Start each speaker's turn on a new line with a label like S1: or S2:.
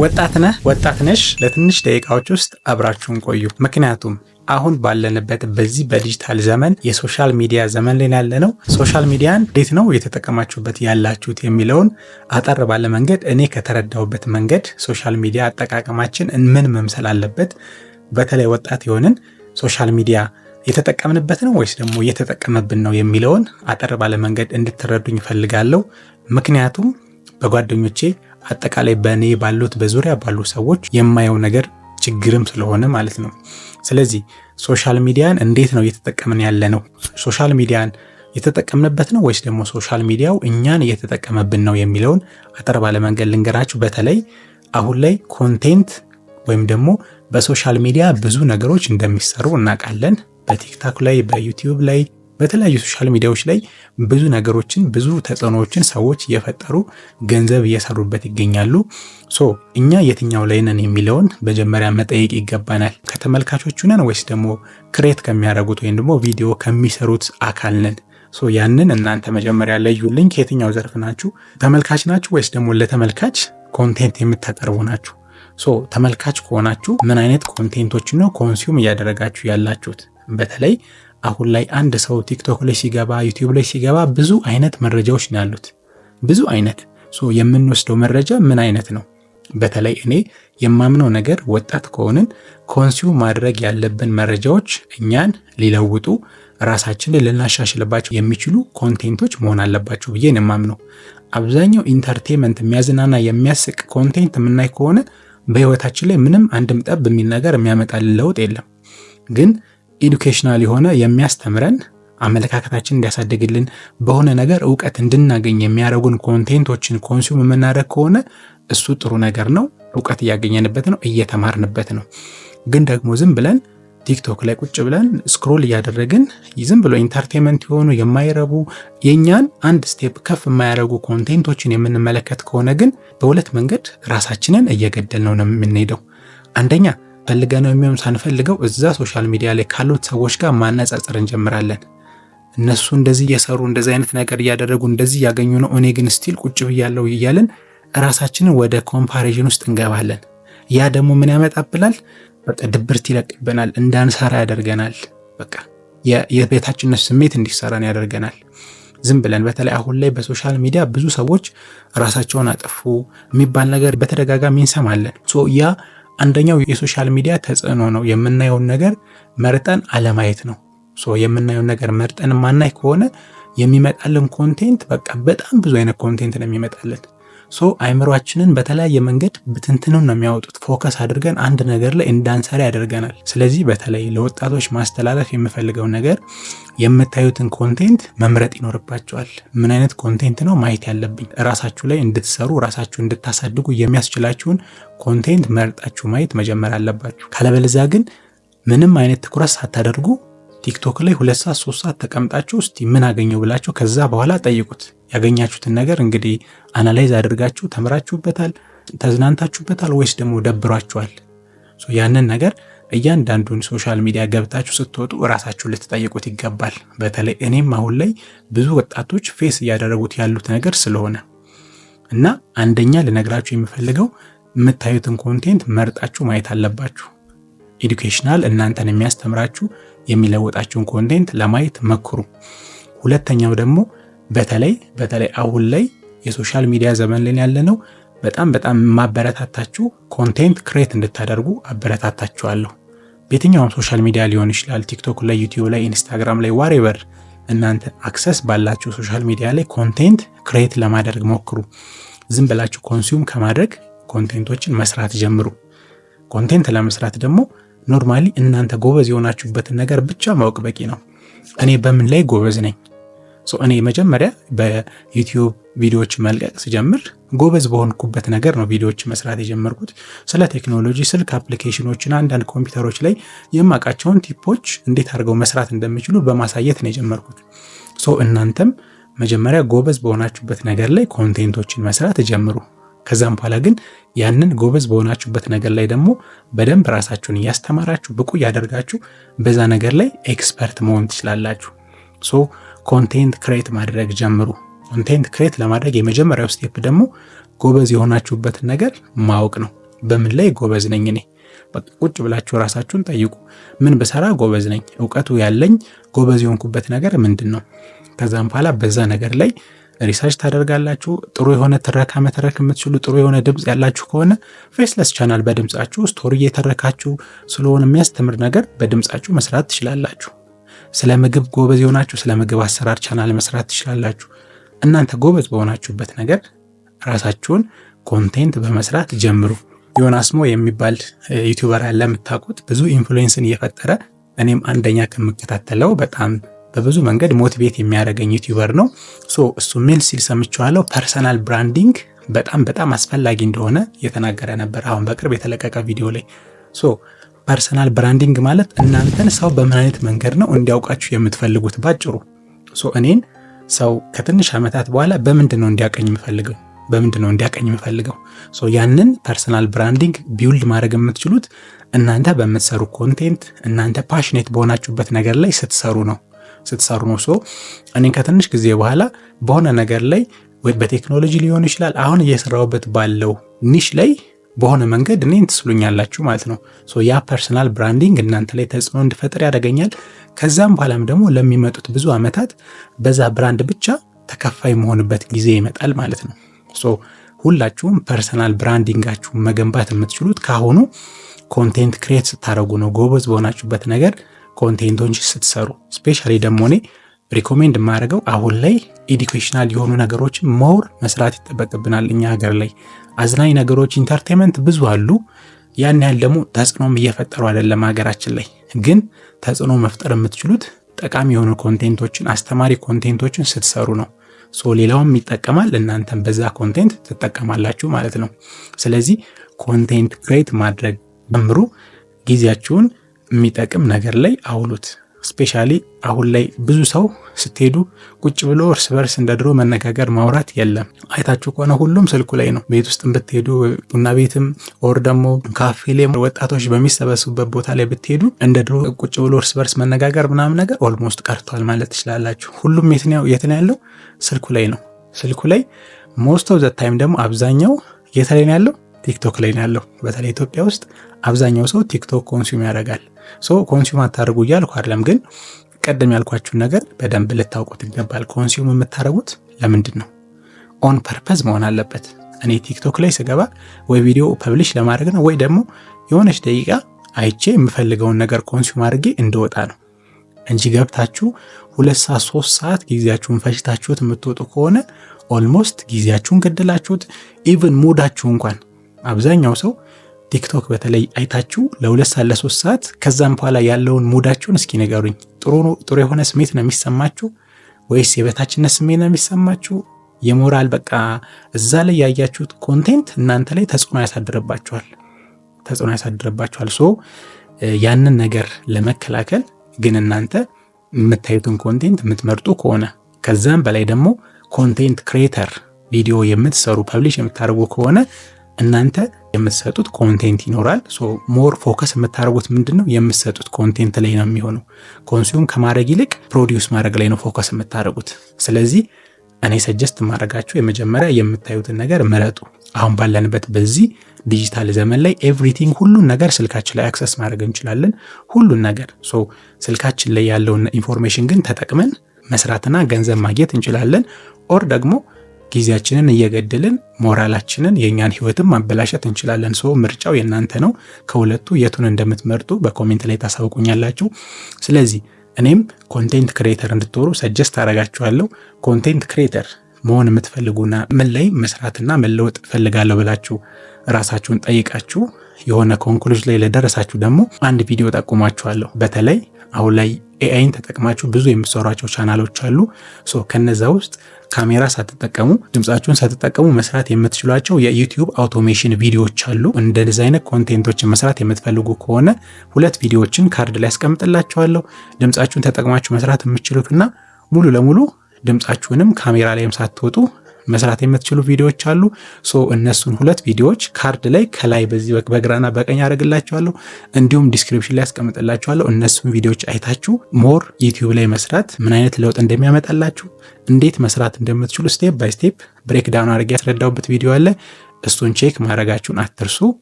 S1: ወጣት ነህ ወጣት ነሽ? ለትንሽ ደቂቃዎች ውስጥ አብራችሁን ቆዩ። ምክንያቱም አሁን ባለንበት በዚህ በዲጂታል ዘመን የሶሻል ሚዲያ ዘመን ላይ ያለ ነው። ሶሻል ሚዲያን እንዴት ነው የተጠቀማችሁበት ያላችሁት የሚለውን አጠር ባለ መንገድ እኔ ከተረዳሁበት መንገድ ሶሻል ሚዲያ አጠቃቀማችን ምን መምሰል አለበት፣ በተለይ ወጣት የሆንን ሶሻል ሚዲያ የተጠቀምንበት ነው ወይስ ደግሞ እየተጠቀመብን ነው የሚለውን አጠር ባለ መንገድ እንድትረዱኝ እፈልጋለሁ። ምክንያቱም በጓደኞቼ አጠቃላይ በእኔ ባሉት በዙሪያ ባሉ ሰዎች የማየው ነገር ችግርም ስለሆነ ማለት ነው። ስለዚህ ሶሻል ሚዲያን እንዴት ነው እየተጠቀምን ያለ ነው? ሶሻል ሚዲያን የተጠቀምንበት ነው ወይስ ደግሞ ሶሻል ሚዲያው እኛን እየተጠቀመብን ነው የሚለውን አጠር ባለመንገድ ልንገራችሁ። በተለይ አሁን ላይ ኮንቴንት ወይም ደግሞ በሶሻል ሚዲያ ብዙ ነገሮች እንደሚሰሩ እናውቃለን። በቲክታክ ላይ፣ በዩቲዩብ ላይ በተለያዩ ሶሻል ሚዲያዎች ላይ ብዙ ነገሮችን ብዙ ተጽዕኖዎችን ሰዎች እየፈጠሩ ገንዘብ እየሰሩበት ይገኛሉ። ሶ እኛ የትኛው ላይ ነን የሚለውን መጀመሪያ መጠየቅ ይገባናል። ከተመልካቾቹ ነን ወይስ ደግሞ ክሬት ከሚያደርጉት ወይም ደግሞ ቪዲዮ ከሚሰሩት አካል ነን? ሶ ያንን እናንተ መጀመሪያ ለዩልኝ። ከየትኛው ዘርፍ ናችሁ? ተመልካች ናችሁ ወይስ ደግሞ ለተመልካች ኮንቴንት የምታቀርቡ ናችሁ? ሶ ተመልካች ከሆናችሁ ምን አይነት ኮንቴንቶች ነው ኮንሱም እያደረጋችሁ ያላችሁት? በተለይ አሁን ላይ አንድ ሰው ቲክቶክ ላይ ሲገባ ዩቲዩብ ላይ ሲገባ ብዙ አይነት መረጃዎች ነው ያሉት። ብዙ አይነት ሶ የምንወስደው መረጃ ምን አይነት ነው? በተለይ እኔ የማምነው ነገር ወጣት ከሆንን ኮንሱም ማድረግ ያለብን መረጃዎች እኛን ሊለውጡ ራሳችንን ልናሻሽልባቸው የሚችሉ ኮንቴንቶች መሆን አለባቸው ብዬ ነው የማምነው። አብዛኛው ኢንተርቴንመንት የሚያዝናና የሚያስቅ ኮንቴንት የምናይ ከሆነ በህይወታችን ላይ ምንም አንድም ጠብ የሚል ነገር የሚያመጣልን ለውጥ የለም ግን ኢዱኬሽናል የሆነ የሚያስተምረን አመለካከታችን እንዲያሳድግልን በሆነ ነገር እውቀት እንድናገኝ የሚያደርጉን ኮንቴንቶችን ኮንሱም የምናደርግ ከሆነ እሱ ጥሩ ነገር ነው። እውቀት እያገኘንበት ነው፣ እየተማርንበት ነው። ግን ደግሞ ዝም ብለን ቲክቶክ ላይ ቁጭ ብለን ስክሮል እያደረግን ዝም ብሎ ኢንተርቴንመንት የሆኑ የማይረቡ የእኛን አንድ ስቴፕ ከፍ የማያደርጉ ኮንቴንቶችን የምንመለከት ከሆነ ግን በሁለት መንገድ ራሳችንን እየገደል ነው ነው የምንሄደው አንደኛ ፈልገ ነው የሚሆን ሳንፈልገው እዛ ሶሻል ሚዲያ ላይ ካሉት ሰዎች ጋር ማነጻጸር እንጀምራለን። እነሱ እንደዚህ እየሰሩ እንደዚህ አይነት ነገር እያደረጉ እንደዚህ እያገኙ ነው፣ እኔ ግን ስቲል ቁጭ ብያለሁ እያልን ራሳችንን ወደ ኮምፓሪዥን ውስጥ እንገባለን። ያ ደግሞ ምን ያመጣብናል? በቃ ድብርት ይለቅብናል፣ እንዳንሰራ ያደርገናል። በቃ የበታችነት ስሜት እንዲሰራን ያደርገናል። ዝም ብለን በተለይ አሁን ላይ በሶሻል ሚዲያ ብዙ ሰዎች ራሳቸውን አጠፉ የሚባል ነገር በተደጋጋሚ እንሰማለን ያ አንደኛው የሶሻል ሚዲያ ተጽዕኖ ነው። የምናየውን ነገር መርጠን አለማየት ነው። የምናየውን ነገር መርጠን ማናይ ከሆነ የሚመጣልን ኮንቴንት በቃ በጣም ብዙ አይነት ኮንቴንት ነው የሚመጣልን። ሶ አይምሯችንን በተለያየ መንገድ ብትንትኑን ነው የሚያወጡት። ፎከስ አድርገን አንድ ነገር ላይ እንዳንሰራ ያደርገናል። ስለዚህ በተለይ ለወጣቶች ማስተላለፍ የምፈልገው ነገር የምታዩትን ኮንቴንት መምረጥ ይኖርባቸዋል። ምን አይነት ኮንቴንት ነው ማየት ያለብኝ? ራሳችሁ ላይ እንድትሰሩ ራሳችሁ እንድታሳድጉ የሚያስችላችሁን ኮንቴንት መርጣችሁ ማየት መጀመር አለባችሁ። ካለበለዚያ ግን ምንም አይነት ትኩረት ሳታደርጉ ቲክቶክ ላይ ሁለት ሰዓት ሶስት ሰዓት ተቀምጣችሁ እስቲ ምን አገኘው ብላችሁ ከዛ በኋላ ጠይቁት። ያገኛችሁትን ነገር እንግዲህ አናላይዝ አድርጋችሁ ተምራችሁበታል፣ ተዝናንታችሁበታል ወይስ ደግሞ ደብሯችኋል? ያንን ነገር እያንዳንዱን ሶሻል ሚዲያ ገብታችሁ ስትወጡ እራሳችሁን ልትጠይቁት ይገባል። በተለይ እኔም አሁን ላይ ብዙ ወጣቶች ፌስ እያደረጉት ያሉት ነገር ስለሆነ እና አንደኛ ልነግራችሁ የምፈልገው የምታዩትን ኮንቴንት መርጣችሁ ማየት አለባችሁ። ኤዱኬሽናል እናንተን የሚያስተምራችሁ የሚለወጣችሁን ኮንቴንት ለማየት መክሩ። ሁለተኛው ደግሞ በተለይ በተለይ አሁን ላይ የሶሻል ሚዲያ ዘመን ላይ ያለ ነው። በጣም በጣም የማበረታታችሁ ኮንቴንት ክሬት እንድታደርጉ አበረታታችኋለሁ። በየትኛውም ሶሻል ሚዲያ ሊሆን ይችላል፣ ቲክቶክ ላይ፣ ዩቲዩብ ላይ፣ ኢንስታግራም ላይ ዋሬቨር እናንተ አክሰስ ባላችሁ ሶሻል ሚዲያ ላይ ኮንቴንት ክሬት ለማድረግ ሞክሩ። ዝም ብላችሁ ኮንሱም ከማድረግ ኮንቴንቶችን መስራት ጀምሩ። ኮንቴንት ለመስራት ደግሞ ኖርማሊ እናንተ ጎበዝ የሆናችሁበትን ነገር ብቻ ማወቅ በቂ ነው። እኔ በምን ላይ ጎበዝ ነኝ? እኔ መጀመሪያ በዩቲዩብ ቪዲዮዎች መልቀቅ ስጀምር ጎበዝ በሆንኩበት ነገር ነው ቪዲዮዎች መስራት የጀመርኩት። ስለ ቴክኖሎጂ፣ ስልክ አፕሊኬሽኖችና አንዳንድ ኮምፒውተሮች ላይ የማውቃቸውን ቲፖች እንዴት አድርገው መስራት እንደሚችሉ በማሳየት ነው የጀመርኩት። እናንተም መጀመሪያ ጎበዝ በሆናችሁበት ነገር ላይ ኮንቴንቶችን መስራት ጀምሩ። ከዛም በኋላ ግን ያንን ጎበዝ በሆናችሁበት ነገር ላይ ደግሞ በደንብ ራሳችሁን እያስተማራችሁ ብቁ እያደርጋችሁ በዛ ነገር ላይ ኤክስፐርት መሆን ትችላላችሁ። ሶ ኮንቴንት ክሬት ማድረግ ጀምሩ። ኮንቴንት ክሬት ለማድረግ የመጀመሪያው ስቴፕ ደግሞ ጎበዝ የሆናችሁበትን ነገር ማወቅ ነው። በምን ላይ ጎበዝ ነኝ እኔ? ቁጭ ብላችሁ ራሳችሁን ጠይቁ። ምን ብሰራ ጎበዝ ነኝ? እውቀቱ ያለኝ ጎበዝ የሆንኩበት ነገር ምንድን ነው? ከዛም በኋላ በዛ ነገር ላይ ሪሰርች ታደርጋላችሁ። ጥሩ የሆነ ትረካ መተረክ የምትችሉ ጥሩ የሆነ ድምፅ ያላችሁ ከሆነ ፌስለስ ቻናል በድምፃችሁ ስቶሪ እየተረካችሁ ስለሆነ የሚያስተምር ነገር በድምፃችሁ መስራት ትችላላችሁ። ስለ ምግብ ጎበዝ የሆናችሁ ስለ ምግብ አሰራር ቻናል መስራት ትችላላችሁ። እናንተ ጎበዝ በሆናችሁበት ነገር ራሳችሁን ኮንቴንት በመስራት ጀምሩ። ዮናስሞ የሚባል ዩቲዩበር ያለ የምታውቁት ብዙ ኢንፍሉዌንስን እየፈጠረ እኔም አንደኛ ከምከታተለው በጣም በብዙ መንገድ ሞቲቬት የሚያደርገኝ ዩቲዩበር ነው። ሶ እሱ ምን ሲል ሰምቼዋለሁ? ፐርሰናል ብራንዲንግ በጣም በጣም አስፈላጊ እንደሆነ የተናገረ ነበር፣ አሁን በቅርብ የተለቀቀ ቪዲዮ ላይ። ሶ ፐርሰናል ብራንዲንግ ማለት እናንተን ሰው በምን አይነት መንገድ ነው እንዲያውቃችሁ የምትፈልጉት ባጭሩ። ሶ እኔን ሰው ከትንሽ ዓመታት በኋላ በምንድን ነው እንዲያቀኝ የምፈልገው በምንድን ነው እንዲያቀኝ የምፈልገው? ሶ ያንን ፐርሰናል ብራንዲንግ ቢውልድ ማድረግ የምትችሉት እናንተ በምትሰሩ ኮንቴንት፣ እናንተ ፓሽኔት በሆናችሁበት ነገር ላይ ስትሰሩ ነው። ስትሰሩ ነው። ሶ እኔ ከትንሽ ጊዜ በኋላ በሆነ ነገር ላይ ወይ በቴክኖሎጂ ሊሆን ይችላል አሁን እየሰራሁበት ባለው ኒሽ ላይ በሆነ መንገድ እኔን ትስሉኛላችሁ ማለት ነው። ሶ ያ ፐርሰናል ብራንዲንግ እናንተ ላይ ተጽዕኖ እንድፈጥር ያደገኛል። ከዛም በኋላም ደግሞ ለሚመጡት ብዙ ዓመታት በዛ ብራንድ ብቻ ተከፋይ መሆንበት ጊዜ ይመጣል ማለት ነው። ሶ ሁላችሁም ፐርሰናል ብራንዲንጋችሁን መገንባት የምትችሉት ከአሁኑ ኮንቴንት ክሬት ስታደረጉ ነው፣ ጎበዝ በሆናችሁበት ነገር ኮንቴንቶች ስትሰሩ ስፔሻሊ ደግሞ እኔ ሪኮሜንድ የማደርገው አሁን ላይ ኤዲኬሽናል የሆኑ ነገሮችን ሞር መስራት ይጠበቅብናል። እኛ ሀገር ላይ አዝናኝ ነገሮች ኢንተርቴንመንት ብዙ አሉ። ያን ያህል ደግሞ ተጽዕኖም እየፈጠሩ አይደለም ሀገራችን ላይ። ግን ተጽዕኖ መፍጠር የምትችሉት ጠቃሚ የሆኑ ኮንቴንቶችን አስተማሪ ኮንቴንቶችን ስትሰሩ ነው። ሶ ሌላውም ይጠቀማል፣ እናንተም በዛ ኮንቴንት ትጠቀማላችሁ ማለት ነው። ስለዚህ ኮንቴንት ክሬት ማድረግ ጀምሩ ጊዜያችሁን የሚጠቅም ነገር ላይ አውሉት። ስፔሻሊ አሁን ላይ ብዙ ሰው ስትሄዱ ቁጭ ብሎ እርስ በርስ እንደ ድሮ መነጋገር ማውራት የለም። አይታችሁ ከሆነ ሁሉም ስልኩ ላይ ነው። ቤት ውስጥ ብትሄዱ ቡና ቤትም ኦር ደግሞ ካፌ ላይ ወጣቶች በሚሰበስቡበት ቦታ ላይ ብትሄዱ እንደ ድሮ ቁጭ ብሎ እርስ በርስ መነጋገር ምናምን ነገር ኦልሞስት ቀርቷል ማለት ትችላላችሁ። ሁሉም የት ነው ያለው? ስልኩ ላይ ነው። ስልኩ ላይ ሞስት ኦፍ ዘ ታይም ደግሞ አብዛኛው የት ላይ ነው ያለው? ቲክቶክ ላይ ነው ያለው። በተለይ ኢትዮጵያ ውስጥ አብዛኛው ሰው ቲክቶክ ኮንሱም ያደርጋል። ሶ ኮንሱም አታደርጉ እያልኩ አይደለም፣ ግን ቀደም ያልኳችሁን ነገር በደንብ ልታውቁት ይገባል። ኮንሱም የምታደርጉት ለምንድን ነው? ኦን ፐርፐዝ መሆን አለበት። እኔ ቲክቶክ ላይ ስገባ ወይ ቪዲዮ ፐብሊሽ ለማድረግ ነው ወይ ደግሞ የሆነች ደቂቃ አይቼ የምፈልገውን ነገር ኮንሱም አድርጌ እንደወጣ ነው እንጂ ገብታችሁ ሁለት ሰዓት ሶስት ሰዓት ጊዜያችሁን ፈጅታችሁት የምትወጡ ከሆነ ኦልሞስት ጊዜያችሁን ገደላችሁት። ኢቨን ሙዳችሁ እንኳን አብዛኛው ሰው ቲክቶክ በተለይ አይታችሁ ለሁለት ሰዓት ለሶስት ሰዓት ከዛም በኋላ ያለውን ሙዳችሁን እስኪ ንገሩኝ። ጥሩ ጥሩ የሆነ ስሜት ነው የሚሰማችሁ ወይስ የበታችነት ስሜት ነው የሚሰማችሁ? የሞራል በቃ እዛ ላይ ያያችሁት ኮንቴንት እናንተ ላይ ተጽዕኖ ያሳድርባችኋል፣ ተጽዕኖ ያሳድርባችኋል። ሶ ያንን ነገር ለመከላከል ግን እናንተ የምታዩትን ኮንቴንት የምትመርጡ ከሆነ ከዛም በላይ ደግሞ ኮንቴንት ክሬተር ቪዲዮ የምትሰሩ ፐብሊሽ የምታደርጉ ከሆነ እናንተ የምትሰጡት ኮንቴንት ይኖራል። ሞር ፎከስ የምታደርጉት ምንድን ነው? የምትሰጡት ኮንቴንት ላይ ነው የሚሆነው። ኮንሱም ከማድረግ ይልቅ ፕሮዲውስ ማድረግ ላይ ነው ፎከስ የምታደርጉት። ስለዚህ እኔ ሰጀስት ማድረጋቸው የመጀመሪያ የምታዩትን ነገር ምረጡ። አሁን ባለንበት በዚህ ዲጂታል ዘመን ላይ ኤቭሪቲንግ ሁሉን ነገር ስልካችን ላይ አክሰስ ማድረግ እንችላለን። ሁሉን ነገር ሶ ስልካችን ላይ ያለውን ኢንፎርሜሽን ግን ተጠቅመን መስራትና ገንዘብ ማግኘት እንችላለን። ኦር ደግሞ ጊዜያችንን እየገደልን ሞራላችንን የእኛን ህይወትም ማበላሸት እንችላለን። ሰው ምርጫው የእናንተ ነው። ከሁለቱ የቱን እንደምትመርጡ በኮሜንት ላይ ታሳውቁኛላችሁ። ስለዚህ እኔም ኮንቴንት ክሬተር እንድትወሩ ሰጀስት አረጋችኋለሁ። ኮንቴንት ክሬተር መሆን የምትፈልጉና ምን ላይ መስራትና መለወጥ እፈልጋለሁ ብላችሁ ራሳችሁን ጠይቃችሁ የሆነ ኮንክሉዥ ላይ ለደረሳችሁ ደግሞ አንድ ቪዲዮ ጠቁማችኋለሁ። በተለይ አሁን ላይ ኤአይን ተጠቅማችሁ ብዙ የምትሰሯቸው ቻናሎች አሉ። ከነዛ ውስጥ ካሜራ ሳትጠቀሙ ድምፃችሁን ሳትጠቀሙ መስራት የምትችሏቸው የዩቲዩብ አውቶሜሽን ቪዲዮዎች አሉ። እንደዚህ አይነት ኮንቴንቶችን መስራት የምትፈልጉ ከሆነ ሁለት ቪዲዮዎችን ካርድ ላይ ያስቀምጥላችኋለሁ። ድምፃችሁን ተጠቅማችሁ መስራት እና ሙሉ ለሙሉ ድምፃችሁንም ካሜራ ላይም ሳትወጡ መስራት የምትችሉ ቪዲዮዎች አሉ። ሶ እነሱን ሁለት ቪዲዮዎች ካርድ ላይ ከላይ በዚህ በግራና በቀኝ አደርግላችኋለሁ፣ እንዲሁም ዲስክሪፕሽን ላይ ያስቀምጥላችኋለሁ። እነሱን ቪዲዮዎች አይታችሁ ሞር ዩቲዩብ ላይ መስራት ምን አይነት ለውጥ እንደሚያመጣላችሁ እንዴት መስራት እንደምትችሉ ስቴፕ ባይ ስቴፕ ብሬክ አድርጌ ያስረዳውበት ቪዲዮ አለ። እሱን ቼክ ማድረጋችሁን አትርሱ።